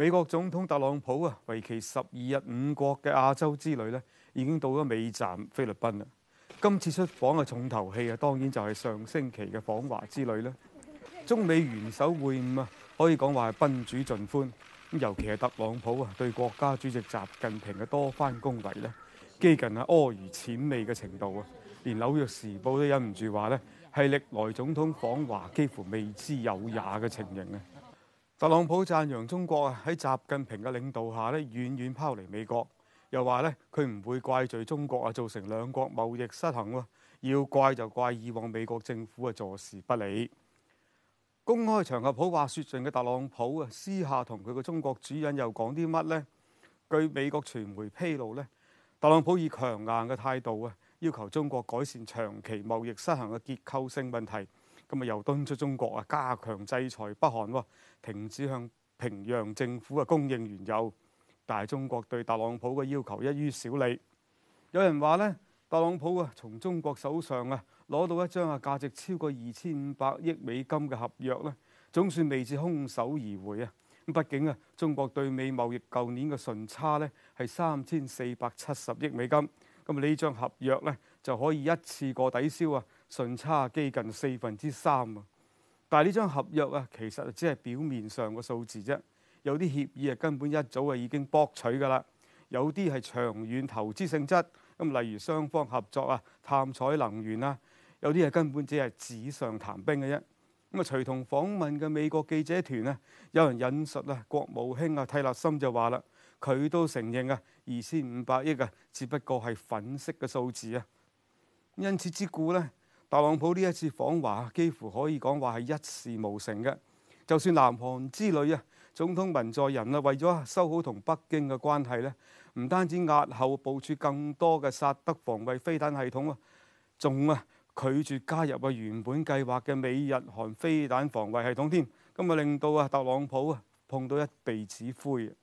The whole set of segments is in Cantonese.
美國總統特朗普啊，為期十二日五國嘅亞洲之旅咧，已經到咗尾站菲律賓啦。今次出訪嘅重頭戲啊，當然就係上星期嘅訪華之旅啦。中美元首會晤啊，可以講話係賓主盡歡。尤其係特朗普啊，對國家主席習近平嘅多番恭維咧，幾近啊阿諛諂媚嘅程度啊，連《紐約時報》都忍唔住話咧，係歷來總統訪華幾乎未知有也嘅情形啊！特朗普讚揚中國啊喺習近平嘅領導下咧，遠遠拋離美國，又話咧，佢唔會怪罪中國啊造成兩國貿易失衡喎，要怪就怪以往美國政府啊坐視不理。公開場合好話說盡嘅特朗普啊，私下同佢嘅中國主人又講啲乜呢？據美國傳媒披露咧，特朗普以強硬嘅態度啊，要求中國改善長期貿易失衡嘅結構性問題。今日又敦促中國啊加強制裁北韓，停止向平壤政府啊供應原油。但係中國對特朗普嘅要求一於少理。有人話咧，特朗普啊從中國手上啊攞到一張啊價值超過二千五百億美金嘅合約咧，總算未至空手而回啊。咁畢竟啊，中國對美貿易舊年嘅順差咧係三千四百七十億美金，咁啊呢張合約咧就可以一次過抵消啊。順差幾近四分之三啊！但係呢張合約啊，其實只係表面上個數字啫。有啲協議啊，根本一早啊已經博取㗎啦。有啲係長遠投資性質，咁例如雙方合作啊，探採能源啊，有啲係根本只係紙上談兵嘅啫。咁啊，隨同訪問嘅美國記者團啊，有人引述啊，國務卿啊，蒂勒森就話啦，佢都承認啊，二千五百億啊，只不過係粉飾嘅數字啊。因此之故呢。特朗普呢一次訪華，幾乎可以講話係一事無成嘅。就算南韓之旅啊，總統文在寅啊，為咗收好同北京嘅關係呢，唔單止押後部署更多嘅薩德防衛飛彈系統咯，仲啊拒絕加入啊原本計劃嘅美日韓飛彈防衛系統添，咁啊令到啊特朗普啊碰到一鼻子灰。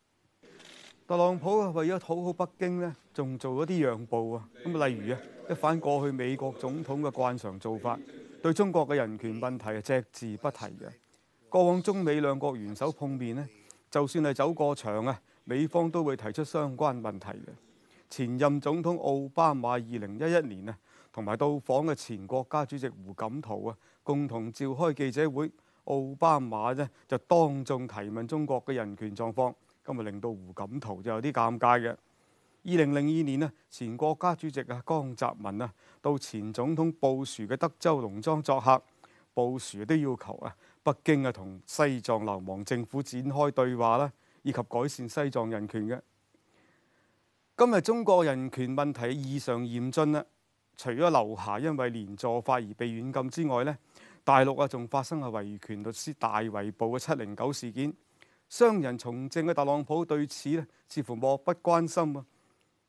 特朗普為咗討好北京呢仲做咗啲讓步啊。咁例如一反過去美國總統嘅慣常做法，對中國嘅人權問題隻字不提嘅。過往中美兩國元首碰面呢就算係走過場啊，美方都會提出相關問題嘅。前任總統奧巴馬二零一一年啊，同埋到訪嘅前國家主席胡錦濤啊，共同召開記者會，奧巴馬呢，就當眾提問中國嘅人權狀況。今日令到胡錦濤就有啲尷尬嘅。二零零二年呢，前國家主席啊江澤民啊到前總統布殊嘅德州農莊作客，布殊都要求啊北京啊同西藏流亡政府展開對話啦，以及改善西藏人權嘅。今日中國人權問題異常嚴峻啦，除咗劉霞因為連坐法而被軟禁之外咧，大陸啊仲發生啊維權律師大圍捕嘅七零九事件。商人從政嘅特朗普對此咧似乎漠不關心啊！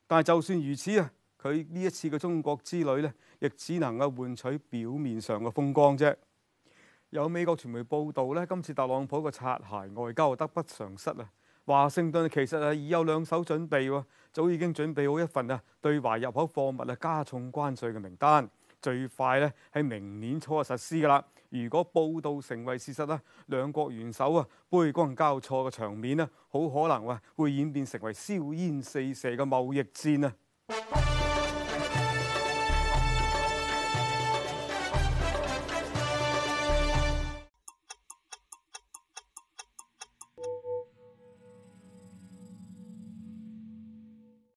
但係就算如此啊，佢呢一次嘅中國之旅咧，亦只能夠換取表面上嘅風光啫。有美國傳媒報道呢，今次特朗普嘅擦鞋外交得不償失啊！華盛頓其實係已有兩手準備喎，早已經準備好一份啊對華入口貨物啊加重關稅嘅名單，最快呢喺明年初實施㗎啦。如果報道成為事實啦，兩國元首啊杯光交錯嘅場面啊，好可能哇會演變成為硝煙四射嘅貿易戰啊！